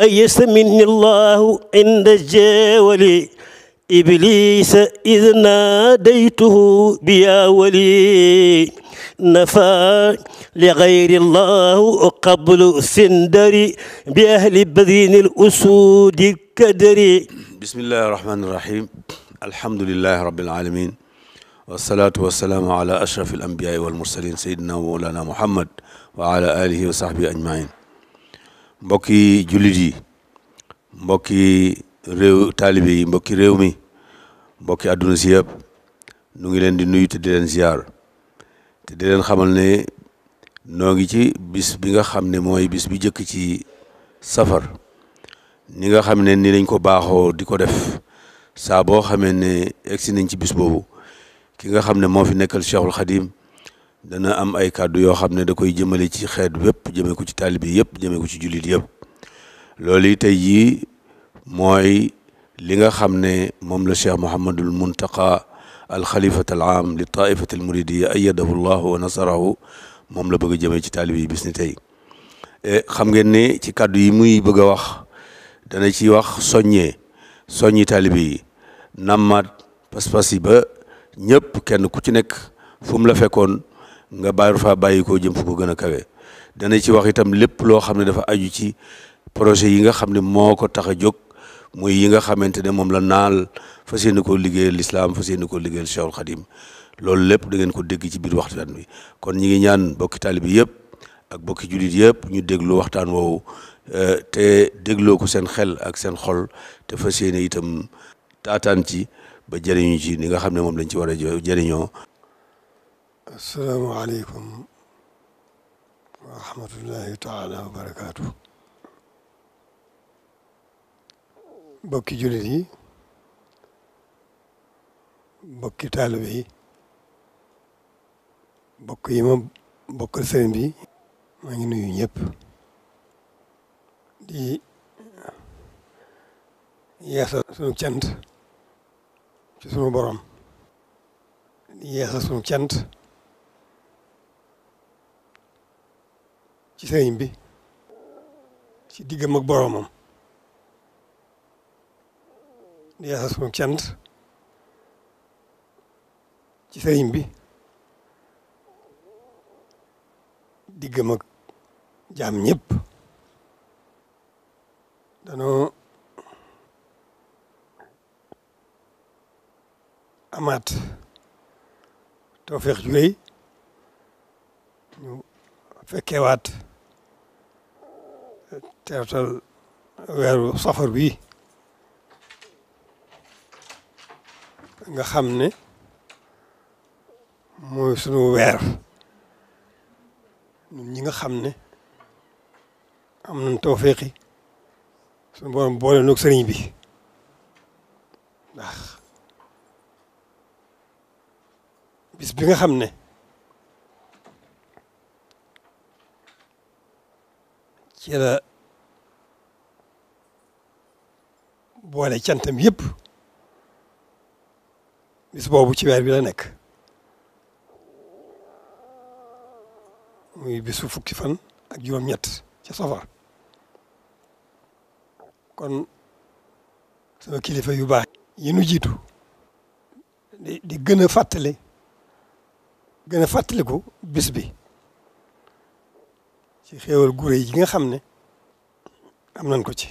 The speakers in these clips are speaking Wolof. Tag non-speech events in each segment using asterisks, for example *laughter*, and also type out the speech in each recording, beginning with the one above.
أيس مني الله عند الجاول إبليس إذ ناديته بيا ولي نفى لغير الله قبل سندري بأهل بذين الأسود الكدري بسم الله الرحمن الرحيم الحمد لله رب العالمين والصلاة والسلام على أشرف الأنبياء والمرسلين سيدنا ومولانا محمد وعلى آله وصحبه أجمعين mbokki jullit yi mbokki réew taalibe yi mbokki réew mi mbokki àdduna si nu ngi leen di nuyu te di leen te di leen xamal ne noo ngi ci bis bi nga xam ne mooy bis bi jëkk ci safar ni nga xam ne ni lañ ko baaxoo di ko def saa boo xamee ne egsi nañ ci bis boobu ki nga xam ne moo fi nekkal Cheikhul dana am ay kàddu yoo xam ne da koy jëmale ci xeet yépp jëmee ko ci taalibe yëpp jëmee ko ci jullit yëpp loolu yi tey jii mooy li nga xam ne moom la cheikh Mouhamadul Muntaqa al xalifat al aam li taifat al muridiya ayyadahu llahu wa nasarahu moom la bëgg a jëmee ci taalibe yi bis ni tey eh, xam ngeen ne ci kàddu yi muy bëgg a wax dana ci wax soññee soññi taalibe yi nammaat pas-pas ba ñépp kenn ku ci nekk fu la fekkoon nga baaru fa bàyyi koo jëm fu ko gën a kawe dana ci wax itam lépp loo xam ne dafa aju ci projet yi nga xam ne moo ko tax a jóg muy yi nga xamante ne moom la naal fas yéene koo liggéeyal lislaam fas yéene koo liggéeyal Cheikhul Khadim loolu lépp da ngeen ko dégg ci biir waxtaan wi kon ñi ngi ñaan bokki taalibe yëpp ak bokki jullit yëpp ñu déglu waxtaan woowu eh, te dégloo ko seen xel ak seen xol te fas yéene itam taataan ci ba jëriñu ci ni nga xam ne moom lañ ci war a jëriñoo asalaamualeykum wa rahmatullahi taala wa barakaatu. bokki jullit yi bokki taalibe yi bokk yi ma bokkal sëriñ bi maa ngi nuyu ñëpp di yeesal ci sunu borom di yeesal sunu cant ci sëriñ bi ci diggam ak boroomam di yaasa sunu cant ci sëriñ bi diggam ak jaam ñëpp danoo amaat tawfeex ju réy ñu teertal weeru safar bii nga xam ne mooy sunu weer ñun ñi nga xam ne am nañ tawféqi sunu borom boole noog sëriñ bi ndax bis bi nga xam ne ci la boole cantam yëpp bis boobu ci weer bi la nekk muy bisu fukki fan ak juróom-ñett ca safar kon sama kilifa yu baax yi nu jiitu di di gën a fàttali gën a fàttaliku bis bi ci xéewal gu réy yi nga xam ne am nañ ko ci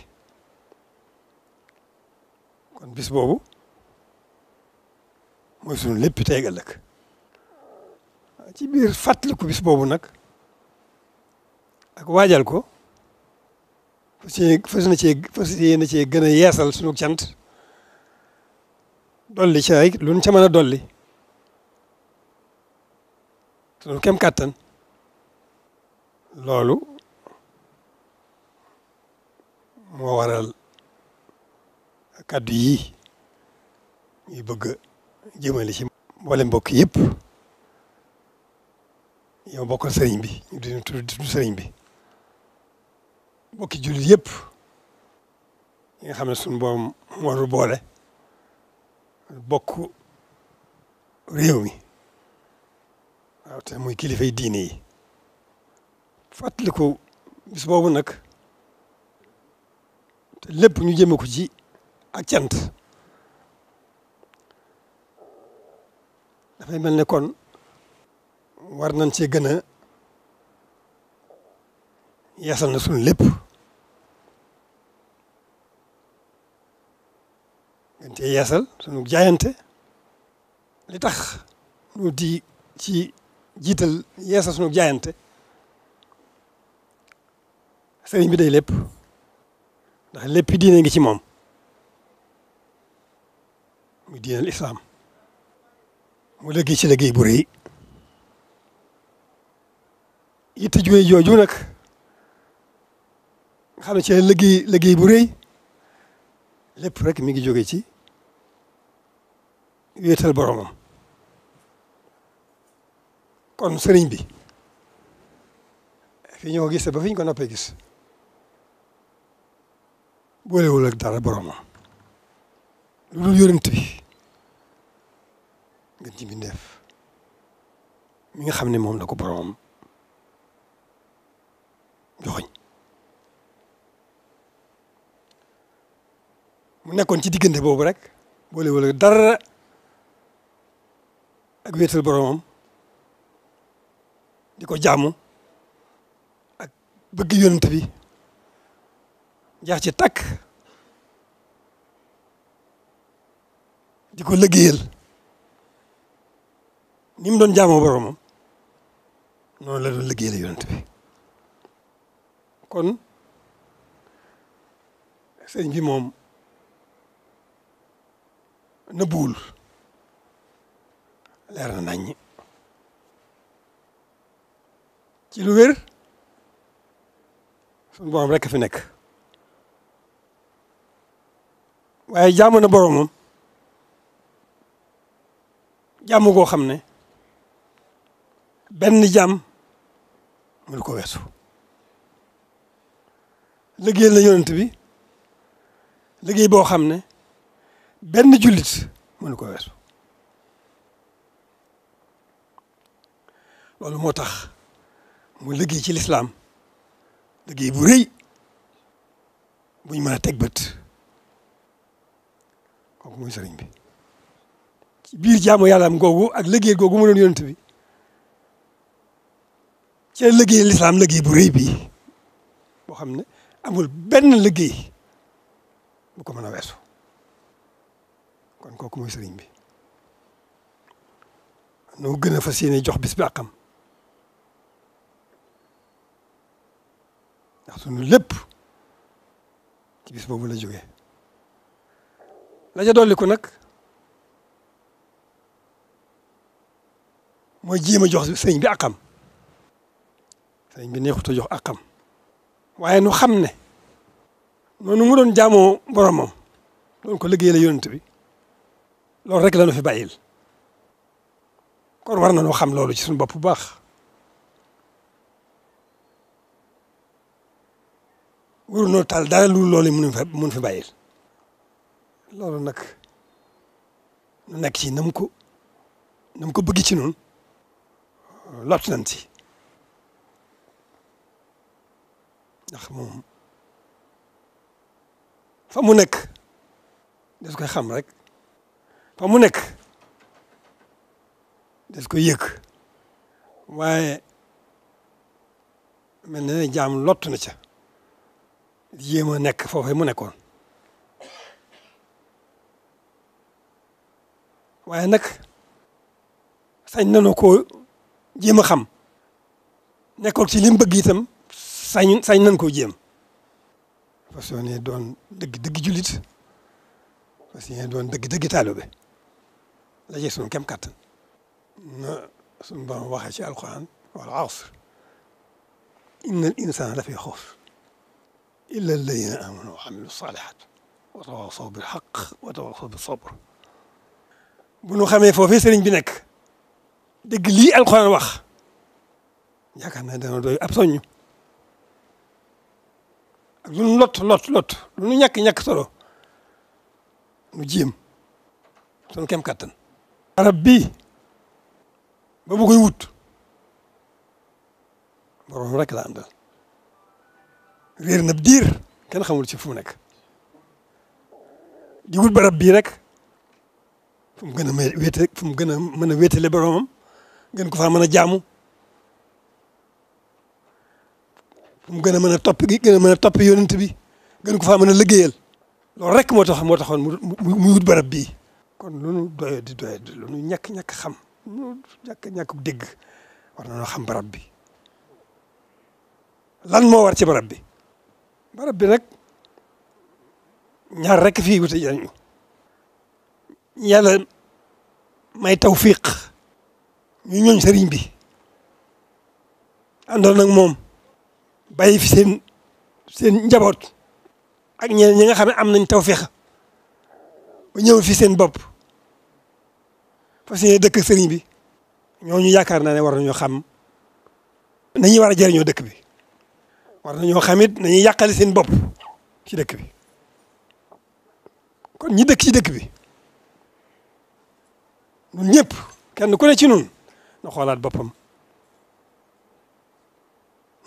kon bis boobu mooy sunu lépp tey ëllëg ci biir fàttaliku bis boobu nag ak waajal ko fas yéene fas na cee fas yéene cee gën a yeesal sunu cant dolli ca ay lu nu mën a dolli sunu kem kàttan loolu moo waral kàddu yi ñuy bëgg jëmale ci mboolem mbokk yëpp yow bokkal sëriñ bi ñu di tudd sëriñ bi mbokki jullit yëpp yi nga xam ne suñu boom mooru boole bokk réew mi waaw te muy kilifay diine yi fàttaliku bis boobu nag te lépp ñu jëme ko ci ak cant dafay mel ne kon war nañ cee gën a yeesal na suñ lépp gën cee yeesal sunu jaayante li tax ñu di ci jiital yeesal sunu jaayante sëriñ bi day lépp ndax léppi diine ngi ci moom mu diinal islaam mu liggéey ci liggéey bu rëy yitte juwee jooju nag nga xam ne ci liggéey liggéey bu rëy lépp rek mi ngi jóge ci wéetal boromam kon sëriñ bi fi ñoo gis ba fiñ ko noppee gis boolewul ak dara boromam lu dul yonent bi gën ci bindeef mi nga xam ne moom la ko boromam joxoñ mu nekkoon ci diggante boobu rek boolewul ak dara ak wéetal boromam di ko jaamu ak bëgg yonent bi jeex ci takk di ko liggéeyal ni mu doon jaamoo boromam noonu la doon liggéeyal yonent bi kon sëñ bi moom nëbbuwul leer na naññi ci lu wér suñu borom rekk fi nekk waaye jaamu na boroomam jaamu goo xam ne benn jaam mënu ko weesu liggéey la yonent bi liggéey boo xam ne benn jullit mënu ko weesu loolu moo tax mu liggéey ci lislaam liggéey bu rëy buñ mën teg bët kooku mooy sëriñ bi ci biir jaamu yàllaam googu ak liggéey googu mu doon yonent bi ci liggéey lislaam liggéey bu rëy boo xam ne amul benn liggéey bu ko mën a weesu kon kooku mooy sëriñ bi noo gën a fas yéene jox bis bi àqam ndax sunu ci bis boobu la jógee la ca dolliku nag mooy jéem a jox sëñ bi akam sëñ bi neexuta jox akam waaye nu xam ne noonu mu doon jaamoo boromam doon ko liggéey la yonent bi loolu rek la nu fi bàyyil ko war na noo xam loolu ci suñu bopp bu baax waru noo taal dara lu loolu mun fi mun fi bàyyil loolu nag nu nekk ci na ko na ko bëgg ci noonu lot nañ si ndax moom fa mu nekk des koy xam rek fa mu nekk des koy yëg waaye mel na ne jaam lott na ca yéem a nekk foofee mu nekkoon waaye nag sañ nanu koo jéem a xam nekkoon ci li bëgg itam sañ sañ nañ koo jéem. fas yéene doon dëgg dëgg jullit fas yéene doon dëgg dëgg taalibe la ci sunu kem kàttan na sunu borom waxee ci alquran wal asr inna al la fi xusr illa alladina amanu wa amilu salihat wa tawasaw bil haqq wa tawasaw bis sabr bu nu xamee foofee sëriñ bi nekk dégg lii alxuraan wax yaakaar naa dana doy ab soññu ak lu nu lot lot lot lu nu ñàkk solo nu jéem sunu kem kàttan arab bii ba bu koy wut borom rek la àndal réer na diir kenn xamul ci fu mu nekk di wut barab bii rek fu gën a wéete fu mu gën a mën a wéetale boromam gën ko faa mën a jaamu fu mu gën a mën a topp gi gën mën topp yonent bi gën ko faa mën a liggéeyal loolu rek moo tax moo taxoon mu wut barab bii kon lu nu doye di doye di lu nu ñàkk-ñàkk xam lu ñàkk dégg war nañoo xam barab bi lan moo war ci barab bi barab bi nag ñaar rekk fii wute jariñu yàlla may tawfiq ñu ñooñ sëriñ bi àndoon ak moom bàyyi fi seen seen njaboot ak ñee ñi nga xam ne am nañ tawfiq mu ñëw fi seen bopp fas yéene dëkk sëriñ bi ñooñu yaakaar naa ne war nañoo xam nañuy war a jëriñoo dëkk bi war ñoo xam it nañuy yàqale seen bopp ci dëkk bi kon ñi dëkk ci dëkk bi ñun ñëpp kenn ku ne ci nun na xoolaat boppam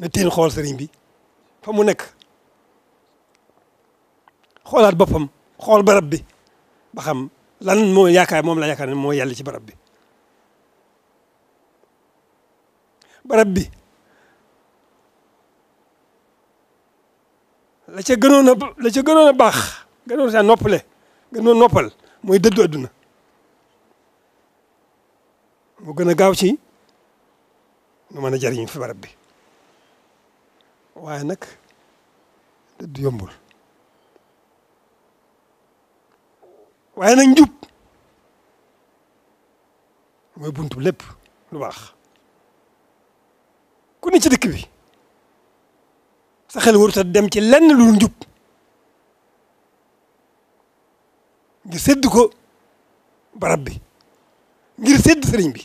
na teen xool sëriñ bi fa mu nekk xoolaat boppam xool barab bi ba xam lan moo yaakaar moom la yaakaar ne moo yàlla ci barab bi barab bi la ca gënoon a la ca gënoon a baax gënoon saa noppale gënoon noppal mooy dëddu adduna mu gën a gaaw ci nu mën a jariñ fi barab bi waaye nag du yombul waaye nag njub mooy buntu lépp lu baax ku ne ci dëkk bi sa xel warut dem ci lenn lu njub ngir sedd ko barab bi ngir sédd sëriñ bi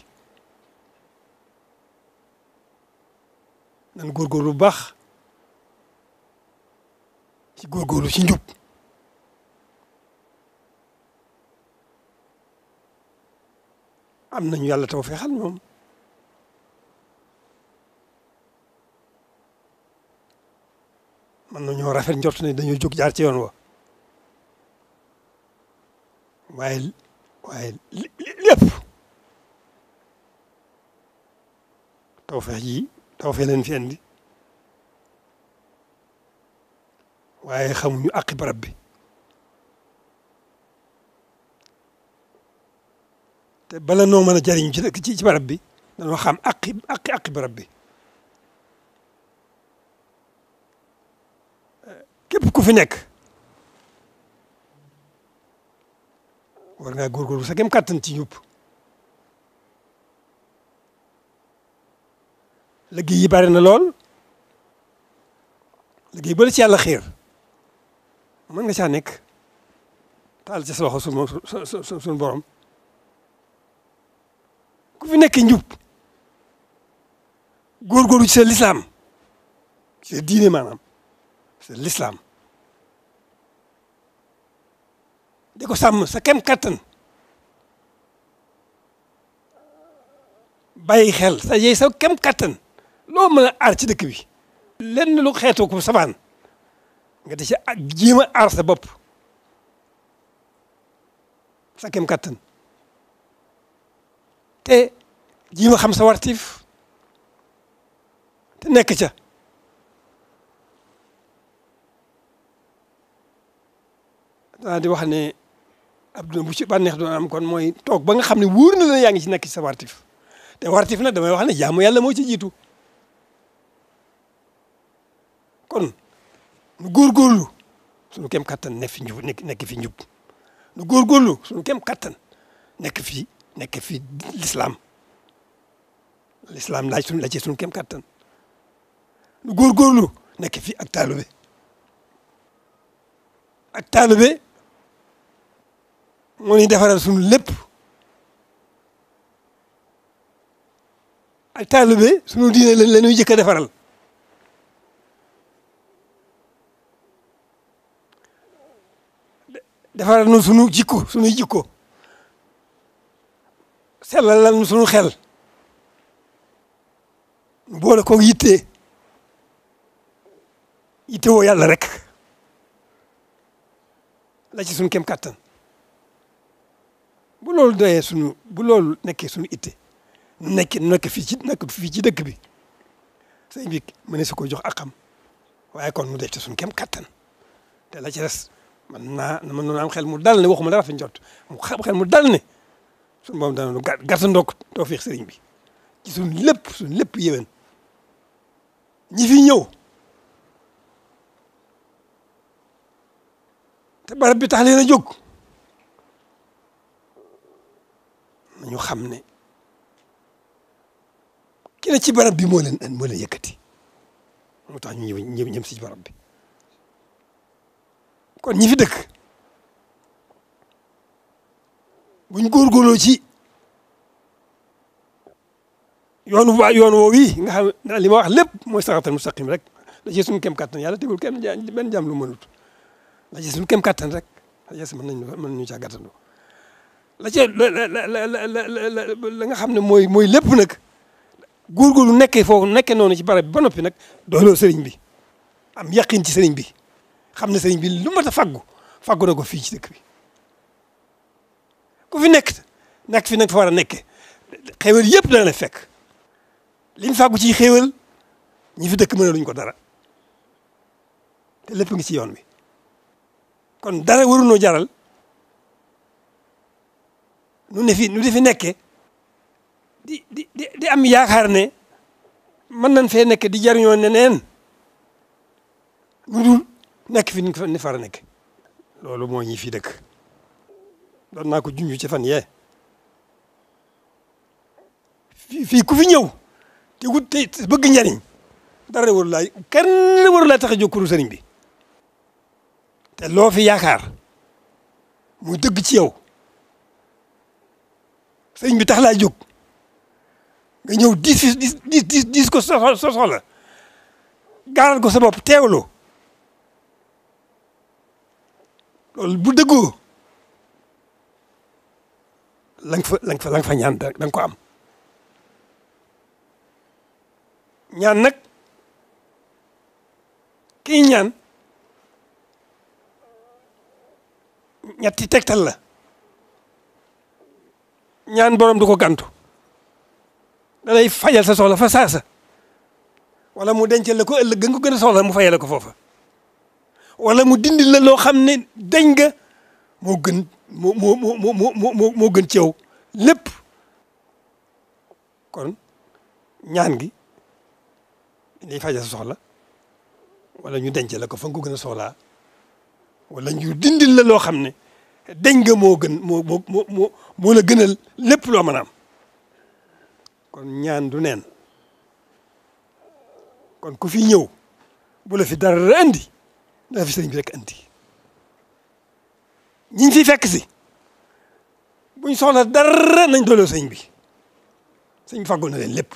nan góorgóorlu bu baax ci góorgóorlu ci njub am nañu yàlla tawfeexal ñoom mën nañoo rafet njort ne dañoo jóg jaar ci yoon wa waaye waaye lépp tawfeex yi tawfeex leen fi andi waaye xamuñu àqi barab bi te bala noo mën a jariñu ci ci barab bi dañoo xam àqi àqi àqi barab bi képp ku fi nekk war ngaa góorgóorlu sa gëm kàttan ci ñëpp liggéey yi bari na lool liggéey ba la ci yàlla xiir mën nga caa nekk taal ci sa loxo sunu borom ku fi nekk njub góorgóorlu ci sa lislaam ci sa diine maanaam sa lislaam di ko sàmm sa kem kattan bàyyi xel sa yey sa kem kattan loo mën a aar ci dëkk bi lenn lu xeetoo ko sabaan nga di ci jéem a aar sa bopp sa kem kattan te jéem a xam sa wartiif te nekk ca daa di wax ne ab duna bu ci bànneex doon am kon mooy toog ba nga xam ne wóor yaa ngi ci nekk ci sa wartif te wartif nag damay wax ne jaamu yàlla moo ci jiitu kon nu góorgóorlu suñu kem kattan nekk fi njub nekk fi njub nu góorgóorlu suñu kem kattan nekk fi nekk fi lislaam lislaam laaj suñu laajee suñu kem kattan nu góorgóorlu nekk fi ak taalube ak taalube moo ñuy defaral suñu lépp ak taalube suñu diine la ñuy jëkk a defaral defaral nu sunu jikko sunuy jikko sellal la nu sunu xel nu boole ko yitte yitte woo yàlla rek la ci sunu kem kàttan bu lool doyee sunu bu lool nekkee sunu itte nekk nekk fii ci nekk fii ci dëkk bi sëñ ne mënees ko jox ak xam waaye kon nu def te sunu kem kàttan te la ci des man naa na man noonu am xel mu dal ne ma dara fi njort mu xel mu dal ne suñu moom dana nu gàtt ndokk tawfiix sëriñ bi ci suñ lépp suñ lépp yéwén ñi fi ñëw te barab bi tax leen a jóg ñu xam ne ki ci barab bi moo leen moo leen yëkkati moo tax ñu ñëw ñëm si barab bi kon ñi fi dëkk buñ góorgóorloo ci yoonu waa yoon woowu yi nga xam ne li ma wax lépp mooy saratal mustaqim rek la ci suñu kem kattan yàlla tegul kenn ja benn jàmm lu mënut la ci suñu kem kattan rek la ci mën nañu mën nañu caa gàttandu la ci la nga xam ne mooy mooy lépp nag góorgóorlu nekkee foofu nekke noonu ci barab bi ba noppi nag dooloo sëriñ bi am yaqin ci sëriñ bi. xam na sëñ bi lu mat a faggu faggu na ko fii ci dëkk bi ku fi nekk nekk fi nag fa war a nekkee xéwal yëpp dana la fekk liñ faggu ci xéwal ñi fi dëkk mën luñ ko dara te lépp ngi ci yoon bi kon dara waruñoo jaral nu ne fi nu di fi nekkee di di di am yaakaar ne mën nañ fee nekke di jariñoo neneen nu dul nekk fi ni fara nekk loolu moo ñi fii dëkk doon naa ko junj ci fan yee fii fii ku fi ñëw te wut te bëgg njariñ dara waru laa kenn waru laa tax a jóg kuru sëriñ bi te loo fi yaakaar muy dëgg ci yow sëriñ bi tax laa jóg nga ñëw diis diis diis diis ko soxla gaaral ko sa bopp teewloo loolu bu dëggoo la nga fa la nga ñaan da ko am ñaan nag kii ñaan ñetti tegtal la ñaan borom du ko gantu da lay fajal sa soxla fa saasa wala mu dencal la ko ëllëg nga ko gën a soxla mu fayal ko foofa wala mu dindi la loo xam ne dañ nga moo gën moo moo moo moo moo gën ci yow lépp kon ñaan gi day faja sa soxla wala ñu denc la ko fa gën a soxlaa wala ñu dindil la loo xam ne dañ nga moo gën moo moo moo moo la gënal lépp loo mën a am kon ñaan du neen kon ku fi ñëw bu la fi dara indi dafa fi sëriñ bi rek andi ñiñ fi fekk si buñ soxla dara nañ dooleel sëriñ bi sëriñ bi fàggul na leen lépp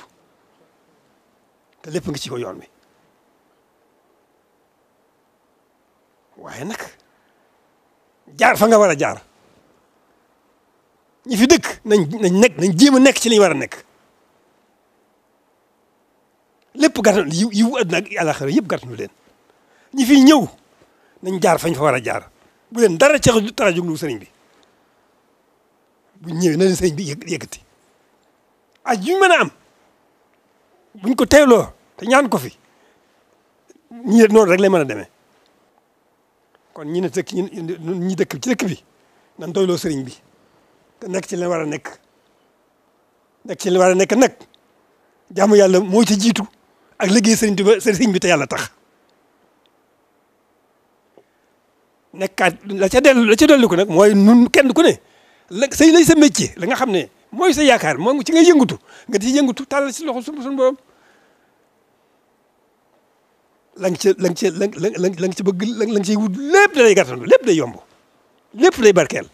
te lépp nga ci ko yoon bi waaye nag jaar fa nga war a jaar ñi fi dëkk nañ nañ nekk nañ jéem a nekk ci li ñu war a nekk lépp gàttal yiw yiw àdduna yëpp gàttal leen ñi fi ñëw nañ jaar fañ fa war a jaar bu leen dara ca tax a juglu sëriñ bi bu ñëwee na leen sëriñ bi yëkkati ak yu mën a am buñ ko teeloo te ñaan ko fi ñi noonu rek lay mën a deme kon ñi ne dëkk ñi dëkk ci dëkk bi nan doyloo sëriñ bi te nekk ci leen war a nekk nekk ci leen war a nekk nag jaamu yàlla moo ci jiitu ak liggéey sëriñ bi sëriñ bi te yàlla tax nekkaat la ca dellu la ca dellu ko nag mooy nun kenn ku ne la say lay sa métier la nga xam ne mooy sa yaakaar moom ci nga yëngatu nga di yëngatu tàllal si loxo suñu borom la nga ca la nga ca la la la nga ca bëgg la nga ciy wut lépp day gàttandu lépp day yomb lépp day barkeel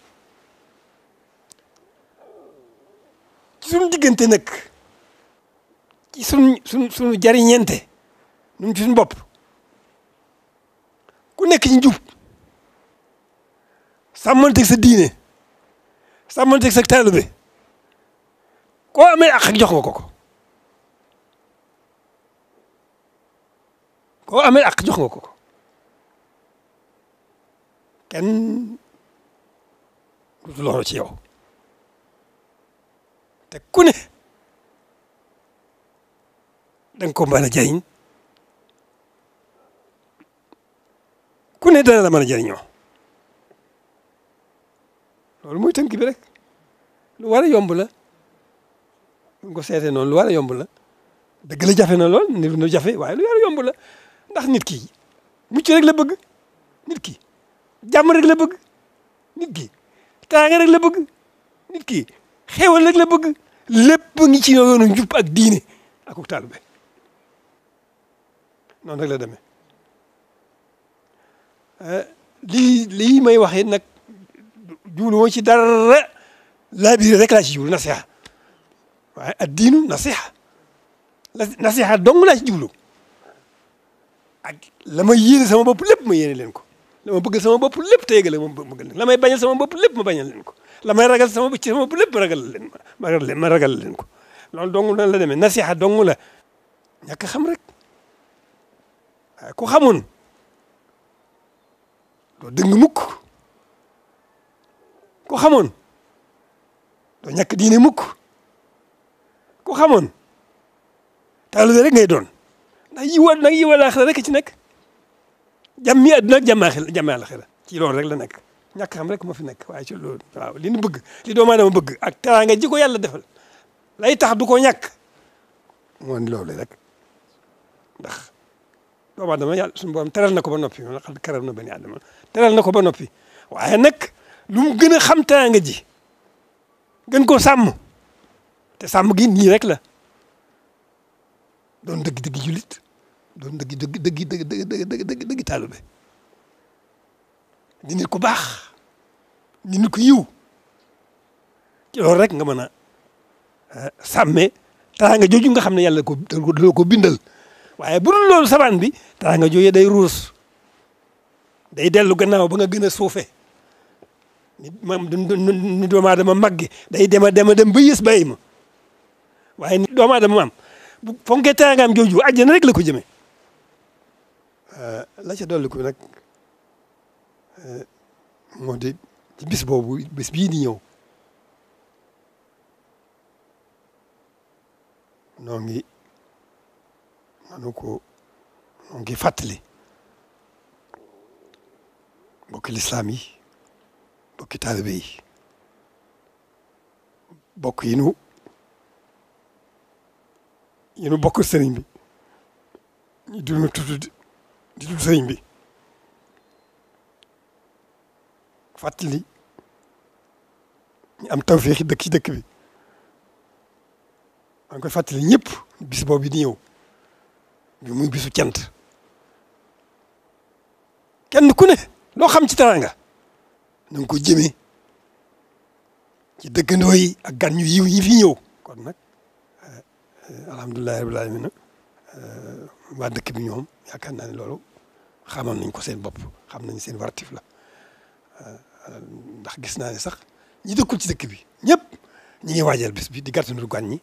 ci suñu diggante nag ci suñu suñu suñu jariñeente ñun ci suñu bopp ku nekk ci sàmmanteeg sa diine sàmmanteeg sa taalibe koo amee àq ak jox nga ko ko koo amee àq jox nga ko ko kenn du loolu ci yow te ku ne da ko mën ku ne dana la mën a jëriñoo loolu mooy tënk bi rek lu war a yomb la bu ko seetee noonu lu war a yomb la dëgg la jafe na lool niru na jafe waaye lu war a ndax nit ki mucc rek la bëgg nit ki jàmm rek la bëgg nit ki teraanga rek la bëgg nit ki xéewal rek la bëgg lépp ngi ci yoonu njub ak diine ak taalibe noonu rek la demee eh, lii lii may waxee nag jublu woon ci dara laa biir rek laa ci jublu nasiha waaye addiinu nasiha nasiha dong laa ci jublu ak la ma yéene sama bopp lépp ma yéene leen ko la ma sama bopp lépp te yëgale ma may bañal sama bopp lépp ma bañal leen ko la may ragal sama ci sama bopp lépp ma ragal leen ma ragal leen ma ragal leen ko loolu dong nan la demee nasiha dong la ñàkk xam rek waaye ku xamoon doo dëng mukk ko xamoon doo ñàkk diine mukk ku xamoon taalibe rek ngay doon ndax yiwa nag yiwa laaxira rek ci nekk jàmmi àdduna ak jàmmi àxira jàmmi ci loolu rek la nekk ñàkk xam rek moo fi nekk waaye ci loolu waaw li nu bëgg li doomu aadama bëgg ak teraanga ji ko yàlla defal lay tax du ko ñàkk moo ni loolu rek ndax doomu aadama yàlla suñu borom teral na ko ba noppi man xam teral na bani aadama teral na ko ba noppi lu mu gën a xam teraanga ji gën koo sàmm te sàmm gi nii rek la doon dëgg dëgg julit doon dëgg dëgg dëgg dëgg dëgg dëgg dëgg baax ni ko yiw ci loolu rek nga mën a sàmmee teraanga jooju nga xam ne yàlla ko daloo ko bindal waaye bu dul loolu sabaan bi teraanga jooju day ruus day dellu gannaaw ba nga gën a suufee moom ni doomu aadama màgge day dema dema dem ba yës ma waaye ni doomu aadama am bu fonkee teraangaam jooju àjjana rek la ko jëmee euh, la ca dolli ko nag euh, moo di ci bis boobu bis bii di ñëw noo ngi nanu ko noo ngi fàttali mbokki bokki taalibe yi bokk yi nu yi nu bokk sëriñ bi ñu dul nu tudd di tudd sëriñ bi fàttali ñu am tawféexi dëkk ci dëkk bi maa ngi koy fàttali ñëpp bis boobu yi di ñëw bi muy bisu cant kenn ku ne loo xam ci teraanga na nga ko jëmee ci dëkkandoo yi ak gan yu yiw yi fi ñëw kon nag eh, alhamdulilahi rabbil alamina eh, waa dëkk bi ñoom yaakaar naa ne loolu xamal nañ ko seen bopp xam nañ seen wartif la eh, ndax gis naa ne sax ñi dëkkul ci dëkk bi ñëpp ñi ngi waajal bis bi di gàttandu gan ñi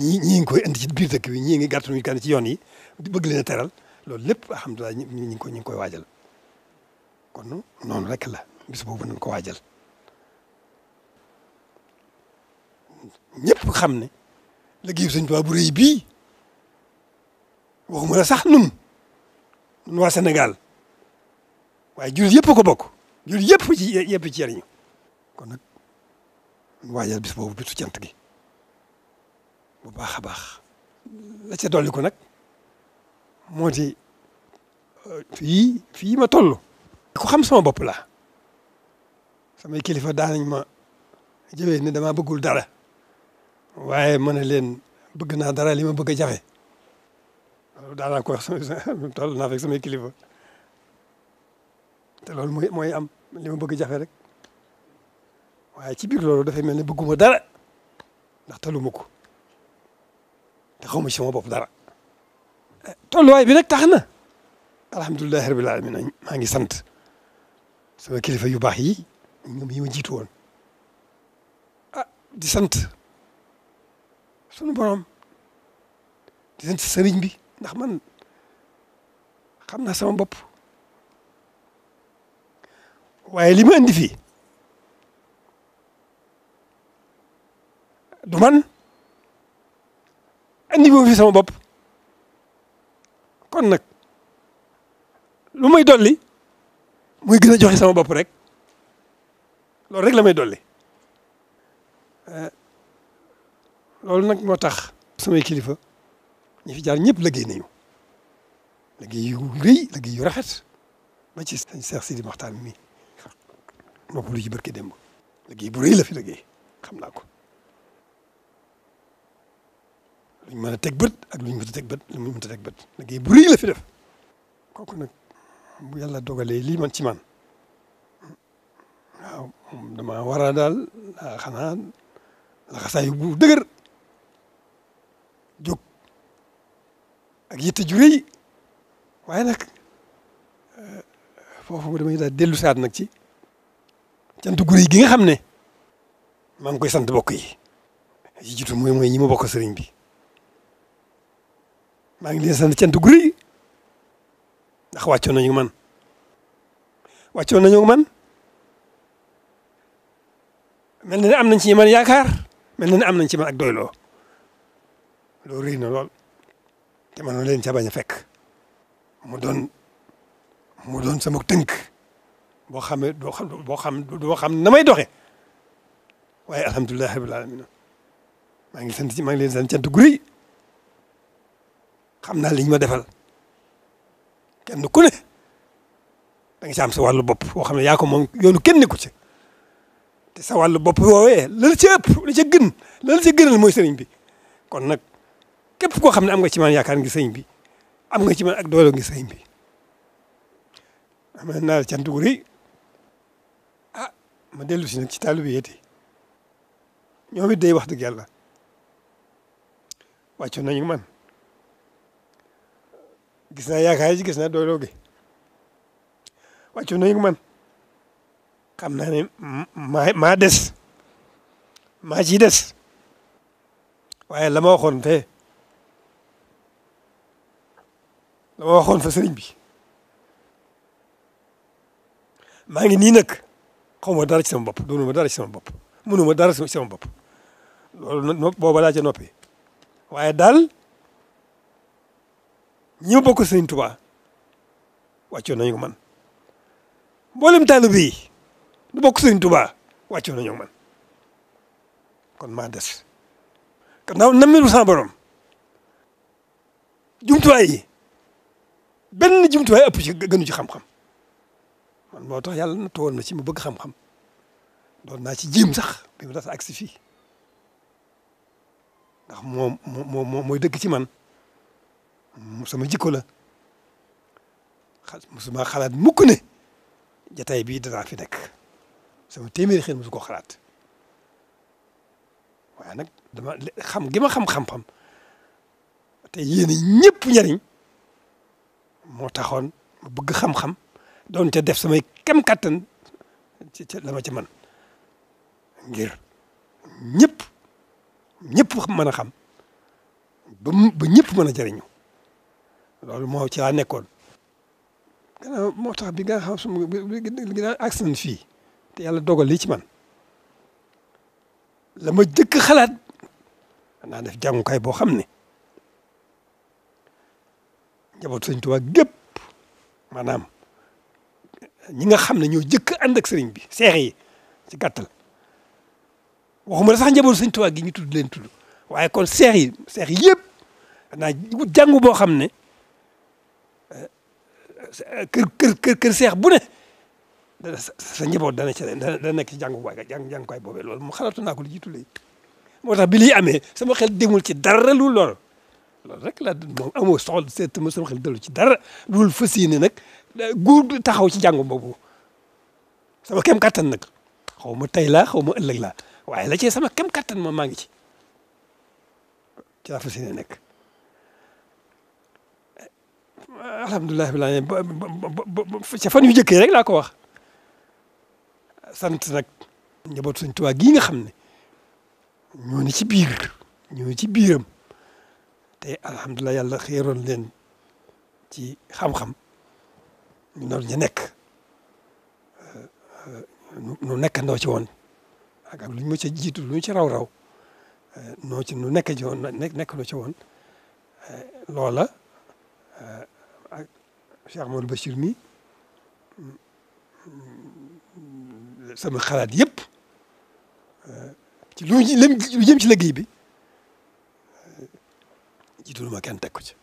ñi ñi ngi koy indi ci biir dëkk bi ñi ngi gàttandu gan ci yoon yi di bëgg leen teral loolu lépp alhamdulilah ñi ngi ko ñi ngi koy waajal kon noonu rek la bis boobu nañ ko waajal ñëpp xam ne liggéey Sëñ Tuubaa bu bii waxuma sax nun nun waa waaye jur yëpp ko bokk jur yëpp ci yëpp ci yariñu kon nag waajal bis boobu bisu cant gi bu baax a baax la ca dolli ko nag moo di euh, fii fii ma toll ko xam sama bopp la samay kilifa daanañ ma jëwee ne damaa bëggul dara waaye ma ne leen bëgg naa dara lima ma bëgg jafe loolu daanaa ko wax *laughs* toll samay kilifa te loolu am li ma bëgg jafe rek waaye ci biir loolu dafay mel ne bëgguma dara ndax taluma ko te xaw ma ci sama bopp dara eh, tolluwaay bi nag tax na alhamdulilahi rabil alamin maa ngi sant sama kilifa yu baax yi ñoom yi ma jiitu woon ah di sant sunu borom di sant sëriñ bi ndax man xam na sama bopp waaye li ma indi fii du man indi moom sama bopp kon nag lu may dolli muy gën a joxe sama bopp rek loolu rek la may eh, loolu nag moo tax samay kilifa ñi fi jaar ñëpp liggéey nañu liggéey yu rëy liggéey yu rafet ba ci sëñ Cheikh Sidi mi nopp lu ci barke démb liggéey bu rëy la fi liggéey xam naa ko lu ñu mën a teg bët ak lu ñu mënta teg bët teg bët liggéey bu rëy la fi def kooku nag bu yàlla dogalee lii man ci man waaw dama war a daal ah, xanaa laxasaayu bu dëgër jóg ak yitte ju rëy waaye nag eh, foofu damay daal dellu saat nag ci cant gu rëy gi nga xam ne maa ngi koy sant bokk yi yi jiitu mooy mooy bokk sëriñ bi maa ngi leen sant cant gu rëy ndax wàccoon nañu man wàccoon nañu man mel na ne am nañ ci man yaakaar mel na ne am nañ ci man ak doyloo loolu rëy na lool te man leen ca bañ a fekk mu doon mu doon sama tënk boo xamee doo xam boo xam doo xam na may doxe waaye alhamdulilah rabbil alamin maa ngi sant ci ngi leen sant cant gu xam naa li ma defal kenn ku ne da nga sa wàllu bopp boo xam ne yaa ko moom yoonu kenn nekku ci sa wàllu bopp woowee la ci ëpp la ca gën la la gën gënal mooy sëriñ bi kon nag képp koo xam ne am nga ci man yaakaar ngi sëriñ bi am nga ciman ak doole ngi sëriñ bi am naa cant gu rëy ah ma dellu si nag ci taalibe yi ñoom it day wax dëgg yàlla wàccoon nañu man gis naa yaakaar yi gis naa dooloo gi wàccoon nañu man xam naa ne maa maa des maa des waaye lama ma waxoon fee la ma waxoon fa sëriñ bi maa ngi nii nag xaw ma dara ci sama bopp doonu ma dara ci sama bopp mënu ma dara ci sama bopp booba laa noppi waaye daal ñi ma bokk sëriñ Tuubaa wàccoon nañu ko man mboolem taalibe yi du bokk sëriñ Tuubaa wàcce na ñoo man kon maa des gannaaw nammeelu sama borom jumtuwaay yi benn jumtuwaay ëpp ci gënu ci xam-xam man moo tax yàlla na toon na ci mu bëgg xam-xam doon naa ci jéem sax bi mu des agsi fii ndax moom moo moo dëgg ci man sama jikko la musuma xalaat mukk ne jataay bii danaa fi nekk sama téeméeri xel mosu ko xalaat waaye nag dama xam ma xam-xam-xam te yéen ñëpp njariñ moo taxoon ma bëgg xam-xam doon ca def samay kem kattan ci ca dama ci man ngir ñëpp ñëpp mën a xam ba ba ñëpp mën a jëriñu loolu moo ci laa nekkoon gannaaw moo tax bi nga xam suma bi agsi nañ fii te yàlla dogal lii ci man la ma jëkk xalaat naa def jàngukaay boo xam ne njabootu sëñ Tuubaa gépp maanaam ñi nga xam ne ñoo jëkk ànd ak sëriñ bi seex yi ci gàttal waxuma la sax njabootu sëñ Tuubaa gi ñu tudd leen tudd waaye kon seex yi seex yi yëpp naa jàngu boo xam ne eh, kër kër kër seex bu ne sa dana ci dana nekk ci jànguwaay jàng jànguwaay loolu mu xalaatu naa ko lu jiitu lay moo tax bi liy amee sama xel demul ci dara lu lor loolu rek la moom amoo soxla seet ma sama xel dellu ci dara loolu fas yéene nag guur taxaw ci jàngu boobu sama kem kattan nag xaw ma tey laa xaw ma ëllëg laa waaye la ci sama kem kattan moom maa ngi ci ci laa fas yéene nekk alhamdulilah bi laa ne fan yu njëkkee rek laa ko wax. sant nag njabootu Sëñ Tuubaa gii nga xam ne ñoo ci biir ñoo ci biiram te alhamdulilah yàlla xéeroon leen ci xam-xam ñu nar ñu nekk nu euh, euh, ci woon ak ak lu ma ca jiitu lu ci raw-raw euh, noo ci nu nekk ci woon nekkandoo ci woon loola ak Cheikh mi sama xalaat yëpp ci lu lu jëm ci liggéey bi jiituluma kenn teg ko ci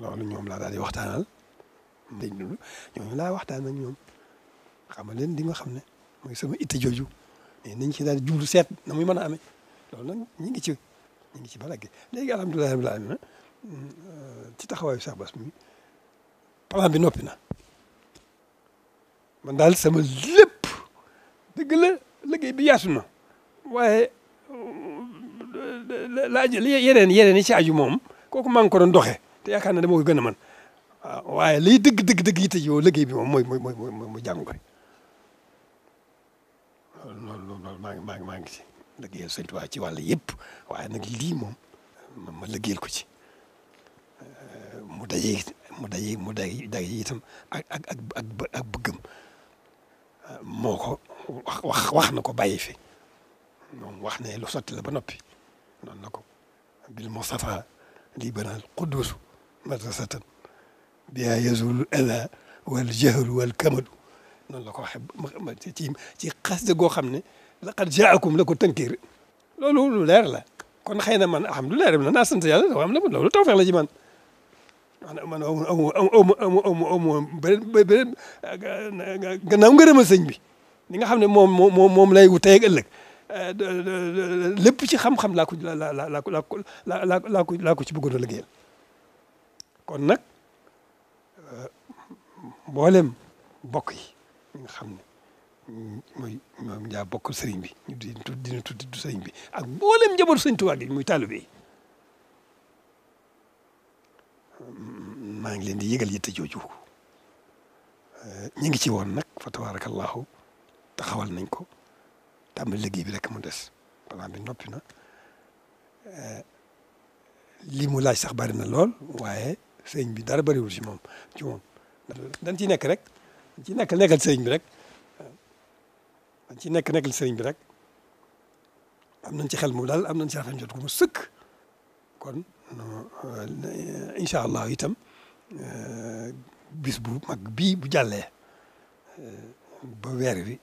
loolu ñoom laa daal di waxtaanal dañ dund ñoom laa waxtaan ak ñoom xam leen di nga xam ne mooy sama itte jooju mais nañ ci daal di jublu seet na muy mën a ame loolu nag ñu ngi ci ñu ngi ci bala gi léegi alhamdulilah rabbil alamin ci taxawaayu Cheikh Bass mi plan bi noppi na man daal sama lépp dëgg la liggéey bi yaatu na waaye euh, laaj yeneen yeneen yi ci aju moom kooku maa ngi ko doon doxe te yaakaar na dama ko gën a mën ah, waaw li dëgg dëgg dëgg yitte yow liggéey bi moom mooy mooy mooy mooy jàngu ko loolu loolu maa ngi maa ngi maa ngi ci liggéeyal Sëñ Tuubaa ci wàll yëpp waaye nag lii moom ma liggéeyal ko ci euh, mu daje mu daje mu daje itam ak ak ak ak bëggam. moo ko wax wax na ko bàyyi fi moom wax ne lu sotti la ba noppi noon na ko bil Mustafa libéral quddus madrasatan biha yazul ala wal jahlu wal kamadu noonu la ko waxee ci ci xasde goo xam ne laqad jaakum la ko tënkiir loolu lu leer la kon xëy na man alhamdulilah rabbil naa sant yàlla na la loolu tawfeex la ci man wax na man amu amu amu amu amu beneen beneen gannaaw ngërëmal sëñ bi li nga xam ne moom moom moom lay wut tey ak ëllëg eh, lépp ci xam-xam laa ko laa laa laa ko laa ko laa ko ci bëggoon a liggéeyal kon nag eh, mboolem bokk yi nga xam ne mooy moom njaa bokk sëriñ bi ñu di di ñu tuddi du sëriñ bi ak mboolem njabootu sëñ Tuubaa gi muy taalibe yi maa ngi leen di yëgal yitte jooju ñu ngi ci woon nag fa tabarakallahu taxawal nañ ko tàmbali liggéey bi rek mu des plan bi noppi na li mu laaj sax bari na lool waaye sëñ bi dara bariwul ci moom ci ci nekk rek dañ ci nekk nekkal sëriñ bi rek dañ ci nekk nekkal sëriñ bi rek am nañ ci xel mu daal am nañ ci rafet jot gu mu sëkk kon Euh, incha allah itam euh, bis bu mag bii bu jàllee euh, ba weer wi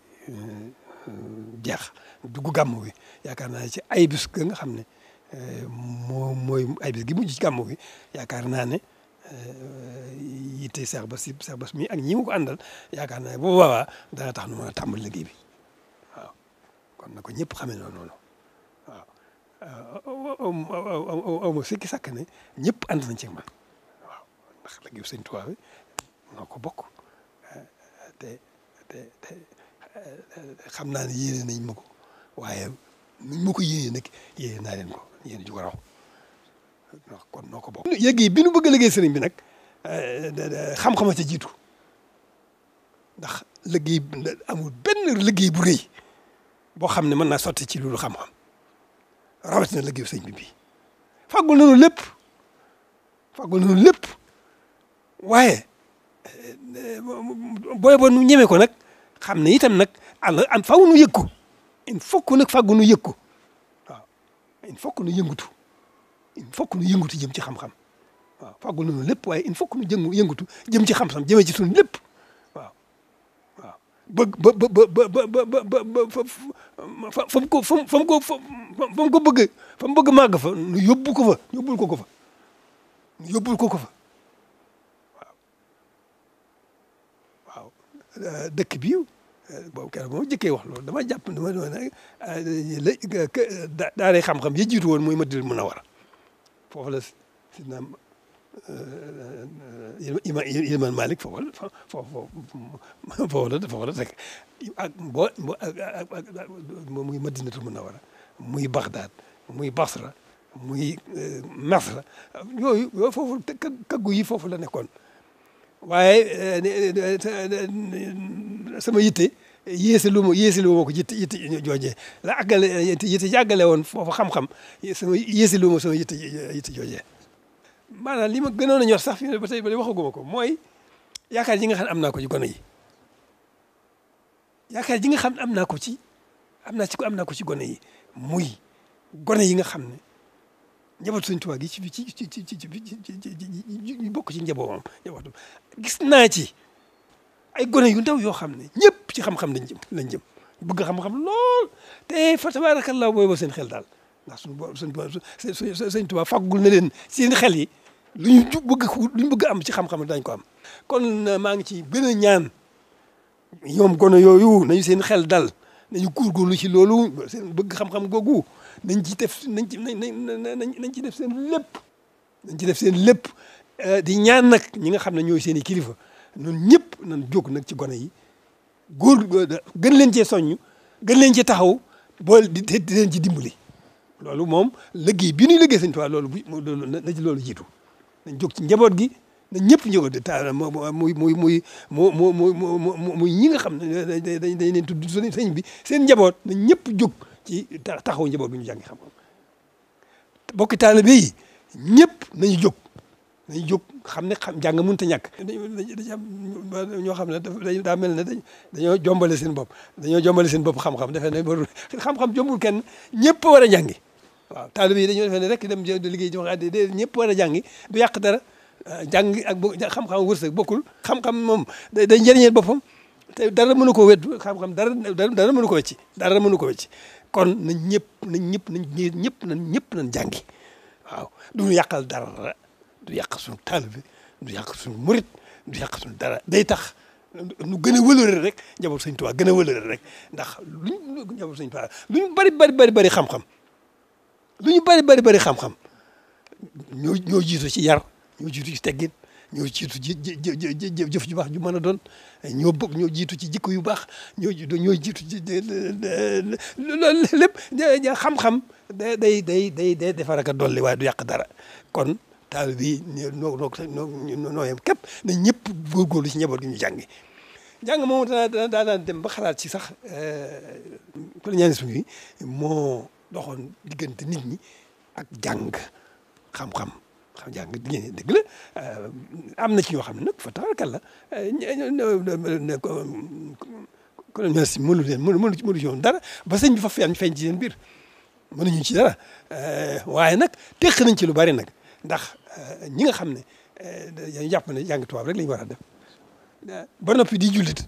jeex dugg gàmm wi yaakaar naa ci ay bis ga nga xam ne moo mooy ay bis gi mujj ci gàmm wi yaakaar naa ne yitte Seex Bas Seex Bas mi ak ñi mu ko àndal yaakaar naa ne bu boobaa dana tax nu mën a tàmbali liggéey bi waaw kon na ko ñëpp xamee noonu. aw ma sikki sàkk ne ñëpp ànd nañ ci man waaw ndax liggéeyu sëñ Tuubaa noo ko bokk te te xam naa ne yéene nañ ma ko waaye nuñ ma ko yéene nag yéene naa leen ko yéene ju ko kon noo ko bokk. yëg yi bi nu bëgg a liggéey sëriñ bi nag xam a ca jiitu ndax liggéey amul benn liggéey bu rëy boo xam ne mën naa sotti ci loolu xam-xam. rawatina liggéeyu sëñ bi bii fàggul nañu lépp fàggul nañu lépp waaye eh, booy boo nu ñeme ko nag xam ne itam nag àll am nu yëg ko fok faut que nag fàggu nu yëg ko waaw il faut nu yëngutu il faut que nu yëngutu jëm ci xam-xam waaw fàggul nañu lépp waaye il fok que nu jëngu yëngutu jëm ci xam-xam jëmee ci ba ba ba ba ba ba fa fa mu ko fa mu ko fa mu ko bëgg fa mu bëgg màgg fa nu yóbbu ko fa yóbbul ko ko fa nu yóbbul ko ko fa waaw waaw dëkk bi boobu kenn ku ma jëkkee wax loolu dama jàpp dama dama ne la daaree xam-xam yi jiitu woon muy Madina Munawara foofu la si naam Ilimaan Malik foofu la foofu foofu la la teg ak boo ak ak muy Madinatul Munawara muy Baxdaad muy Basra muy Masra eh, yooyu yooyu foofu kaggu yi foofu la nekkoon waaye eh, sama yitte yéese lu ma yéese lu ma ko yitte yitte joojee la àggale yitte jàggale woon foofu xam-xam sama yéese lu ma sama yitte yitte joojee maanaam li ma gënoon a ñor sax fi ba tey ba waxaguma ko mooy yaakaar ji nga xam ne am naa ko ci gone yi ji nga xam am naa ko ci am naa ci ko am naa ko ci gone muy gone yi nga xam ne njabootu Sëñ Tuubaa gi ci ci ci ci ci ci bokk ci njabootam njabootam gis naa ci ay gone yu ndaw yoo xam ne ñëpp ci xam-xam lañ jëm lañ jëm bëgg xam-xam lool te fa tabaarakallaah booy ba seen xel daal ndax suñu bo suñ Tuubaa faggul na leen seen xel yi lu ñu bëgg lu ñu bëgg am ci xam-xam dañ ko am kon euh, maa ngi ci gën ñaan ñoom gone yooyu nañu seen xel dal nañu góorgóorlu ci loolu bëgg xam googu nañ ci def nañ ci nañ nañ ci def seen lépp nañ ci def seen lépp euh, di ñaan nag ñi nga xam ne ñooy seen i kilifa ñun ñëpp na jóg nag ci gone yi góor euh, gën leen cee soññ gën leen ci taxaw bool di leen ci dimbali loolu moom liggéey bi ñuy liggéey Sëñ Tuubaa loolu bu na ci loolu jiitu nañ jóg ci njaboot gi na ñëpp njaboot di taal muy muy muy mu mu mu muy ñi nga xam ne dañ dañ dañ leen tudd sëñ bi seen njaboot na ñëpp jóg ci taxaw njaboot bi ñu jàngi xam-xam bokki taalibe yi ñëpp nañu jóg nañu jóg xam ne xam jàng mënut a ñàkk. dañoo ñoo xam ne dañu daa mel ne dañoo jombale seen bopp dañoo jombale seen bopp xam-xam defe ne xam-xam jombul kenn ñëpp war a jàngi. waaw taalibe yi dañoo defee ne rek dem liggéey joxe addi dé ñëpp war a jàngi du yàq dara euh, jàng ak xam-xam wërsëg bokkul xam-xam moom day njëriñeel boppam te dara mënu ko wedd xam-xam dara dara mënu ko wecci dara mënu ko wecci kon nañ ñëpp nañ ñëpp nañ ñëpp nañ ñëpp nañ jàngi waaw du ñu yàqal dara du yàq suñu taalibe du yàq suñu murit du yàq suñu dara day tax nu gën a wëlëre rek njaboot sëñ Tuubaa gën a wëlëre rek ndax luñ njaboot sëñ Tuubaa luñ bari bari bari bari xam-xam lu ñu bëri bari bari xam-xam ñoo jiitu ci yar ñoo jiitu ci teggin ñoo jiitu ci jëf ju mën a doon ñoo bokk ñoo jiitu ci jikko yu baax ñoo ñoo jiitu ci loolu lépp xam-xam day day day day day defar ak a du yàq dara kon taal bi noo noo noo noo yem képp na ñëpp góorgóorlu ci njaboot gi ñu jàngi jàng moom dana daan dem ba xalaat ci sax ku la ñaani suñu moo doxoon diggante nit ñi ak jàng xam-xam xam jàng ngeen dëgg la euh, am na ci yoo xam ne nag fa tabarakalla colonial euh, si mënu leen mënu mënu mënu ci woon dara ba sëñ bi fa feeñ feeñ ci seen biir mënuñu ci dara euh, waaye nag teq nañ ci lu bari nag ndax ñi nga xam ne dañu jàpp ne jàng tubaab rek la ñu war a def ba noppi di jullit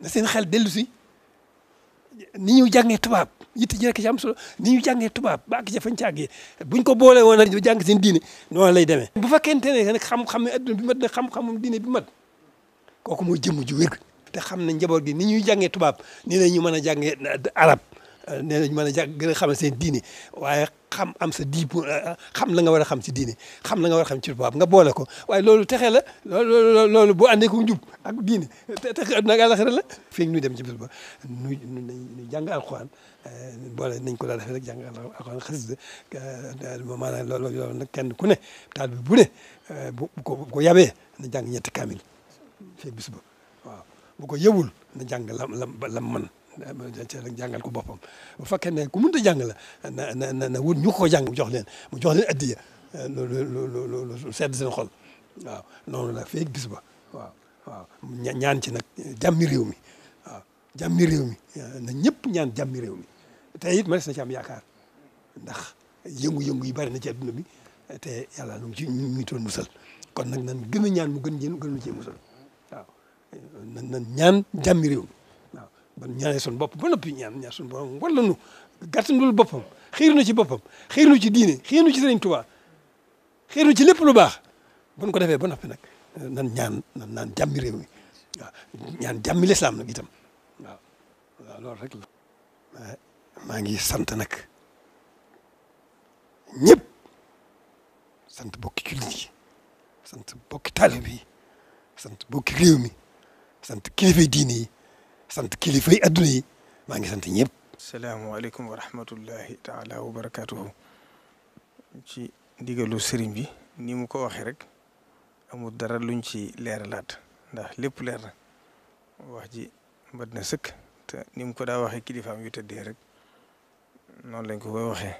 na seen xel dellu si ni ñu jàngee tubaab yitte ji rek ci am solo ni ñu jàngee tubaab ba ak ca fañ càggee buñ ko boolee woon ñu jàng seen diine noonu lay demee bu fekkente ne nag xam-xam ne adduna bi mat nag xam-xamum diine bi mat kooku mooy jëmm ju wér te xam ne njaboot gi ni ñuy jàngee tubaab ni la ñu mën a jàngee arab nee nañ mën a jàng gën a xamal seen diini waaye xam am sa di xam la nga war a xam ci diini xam la nga war a xam ci tubaab nga boole ko waaye loolu texe la loolu loolu boo àndee ko njub ak diine texe adduna ak la fii ñuy dem ci bis ba nu nu jàng alxuraan eh, boole nañ ko daa defee rek jàng alxuraan xasida eh, maanaam loolu loolu nag kenn ku ne taal bi bu ne eh, bu ko bu ko yabee na jàng ñetti kaamil fii bis ba waaw bu ko yëwul na jàng lam lam lam man teel a jàngal ko boppam bu fekkee ne ku mënut a jàng la na na na wut ñu ko jàng mu jox leen mu jox leen addiya eh, lu lu lu lu sedd seen xol waaw noonu nag feeg bis ba waaw waaw ñaan ci nag jàmmi mi waaw jàmmi mi eh, na ñëpp ñaan jàmmi réew mi te it ma des na ci am yaakaar ndax yëngu-yëngu yi bari na cee adduna bi te yàlla nu ci ñu musal kon nag nan gën a ñaan mu gën jéem gën lu cee musal waaw eh, nan nan ñaan jàmmi réew mi ban ñaanee suñu bopp ba noppi ñaan ñaan suñu borom wala nu gàttandul boppam xiir nu ci boppam xiir nu ci diine xiir nu ci sëriñ Tuubaa xiir nu ci lépp lu baax buñ ko defee ba noppi nag nan ñaan nan naan jàmmi réew mi waaw ñaan jàmmi lislaam nag itam waaw waaw loolu rek maa ngi sant nag ñëpp sant bokki jullit yi sant bokki taalib yi sant bokki réew mi sant kilifa diine yi sant kilifa yi yi maa ngi sant ñëpp. salaamaaleykum wa rahmatullahi taala wa barakaatuhu ci ndigalu sëriñ bi ni mu ko waxee rek amul dara luñ ci leeralaat ndax lépp leer na wax ji mbat na sëkk te ni mu ko daa waxee kilifaam yu tëddee rek noonu lañ ko koy waxee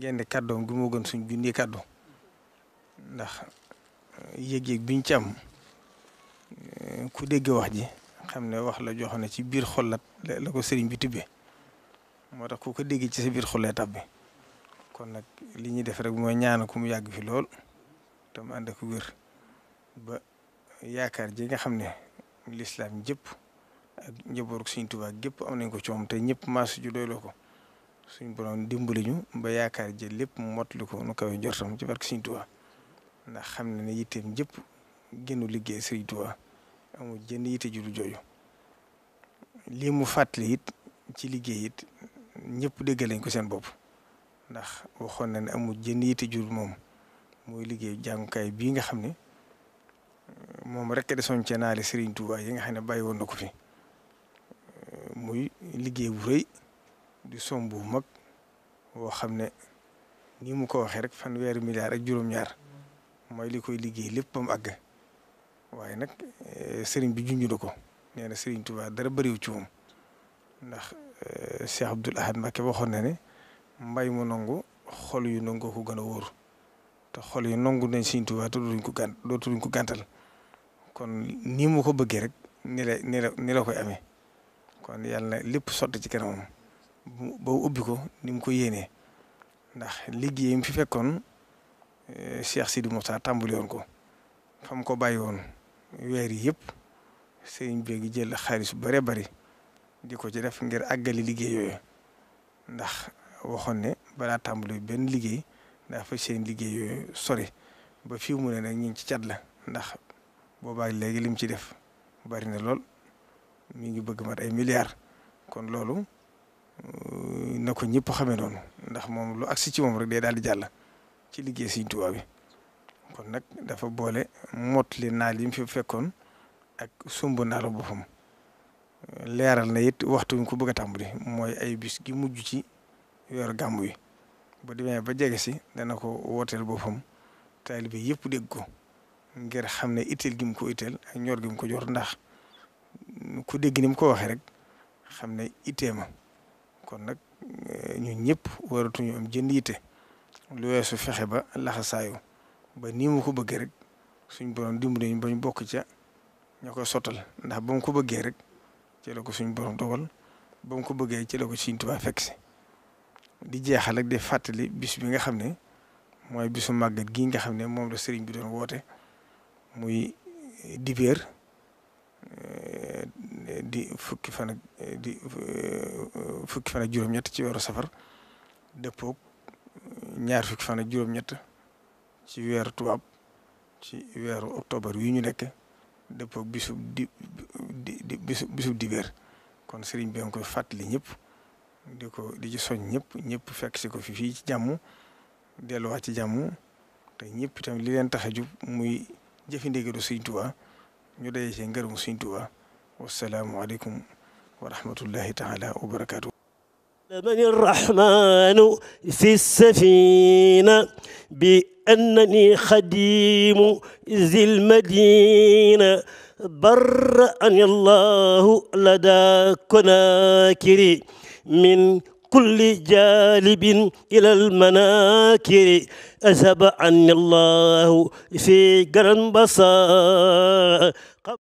génne kàddoom gi moo gën suñ bindee kàddu ndax yëg-yëg biñ ci eh, ku dégg wax ji. xam ne wax la joxo ne ci biir xollat la ko sëriñ bi tibbee moo tax ku ko dégg ci sa biir xollee tab bi kon nag li ñuy def rek mooy ñaana ku mu yàgg fi lool te mu ànd ak wér ba yaakaar ji nga xam ne lislaam jëpp ak njabootu gépp am nañ ko coom te ñëpp maasu ju doyloo ko suñ borom dimbali ñu ba yaakaar ji lépp mu mottali ko nu kawe njortam ci barke Sëriñ Tuubaa ndax xam na ne yitteem jëpp génnu liggéey Sëriñ Tuubaa amul jënd yite ju du jooju lii mu fàttali it ci liggéey it ñëpp déggal lañ ko seen bopp ndax waxoon na ne amul jënd yite ju du moom mooy liggéey jàngukaay bii nga xam ne moom rek de soñcee naa le Serigne Touba yi nga xam ne bàyyi woon na ko fi muy liggéey bu rëy di somb bu mag boo xam ne nii mu ko waxee rek fanweeri milliard ak juróom-ñaar mooy li koy liggéey lépp ba waaye nag eh, sëriñ bi junj na ko nee na sëriñ Tuubaa dara bëriwul ci moom ndax eh, Cheikh Abdoul Ahad Mbacké waxoon na ne mbay mu nangu xol yu nangoo ko gën a wóor te xol yu nangu nañ sëriñ Tuubaa te duñ ko gàn dootuñ ko gàntal kon nii mu ko bëggee rek ni la ni la ni la koy amee kon yàlla na lépp sotti ci kanamam ba ubbi ko ni mu ko yéenee ndax liggéey mi fi fekkoon eh, Cheikh Sidi Moussa tàmbali woon ko. fam ko bàyyi woon weer yi yëpp sëriñ bi ngi jël xaalis bu bëree bëri di ko ci def ngir àggali liggéey yooyu ndax waxoon ne balaa tàmbali benn liggéey daa fa seen liggéey yooyu sori ba fii mu ne nag ñu ngi ci cat la ndax boobaa léegi lim ci def bari na lool mu ngi bëgg mat ay milliards kon loolu na ko ñëpp xamee noonu ndax moom lu agsi ci moom rek day daal di jàll ci liggéey Sëriñ Tuubaa bi kon nag dafa boole mottali naal yi mu fekkoon ak sumb naalu boppam leeral na it waxtu ko bëgg a tàmbali mooy ay bis gi mujj ci yor gàmmu yi bu demee ba jege si dana ko wooteel boppam taalibe bi yëpp dégg ko ngir xam ne itteel gi mu ko itteel ak ñor gi mu ko jor ndax ku dégg ni mu ko waxee rek xam ne ittee ma kon nag eh, ñun ñëpp waratuñu am jënd yitte lu weesu fexe ba laxasaayu ba nii mu ko bëggee rek suñ borom dimbali ñu ba bokk ca ñoo koy sottal ndax ba mu ko bëggee rek ci ko suñ borom dogal ba mu ko bëggee ci la ko suñ Tuubaa fekk si di jeexal ak di fàttali bis bi nga xam ne mooy bisu màggat gii nga xam ne moom la sëriñ bi doon woote muy dibéer eh, di fukki fan ak eh, di eh, fukki fan safar dëppoog fan ak juróom-ñett ci weeru tubaab ci weeru octobre wi ñu nekk dëppoo bisub di di bisub kon sëriñ bi nga koy fàttali ñëpp di ko di ci soñ ñëpp ñëpp fekk si ko fi fii ci jàmm delluwaat ci jàmm te ñëpp itam li leen tax a jub muy jëfandikoo Sëriñ ñu dayee see ngërëmu Sëriñ Tuubaa wasalaamualeykum wa rahmatullahi taala wa barakaatu لمن الرحمن في السفينة أنني خديم ذي المدينة برأني الله لدى كناكري من كل جالب إلى المناكر أذهب عني الله في قرن بصار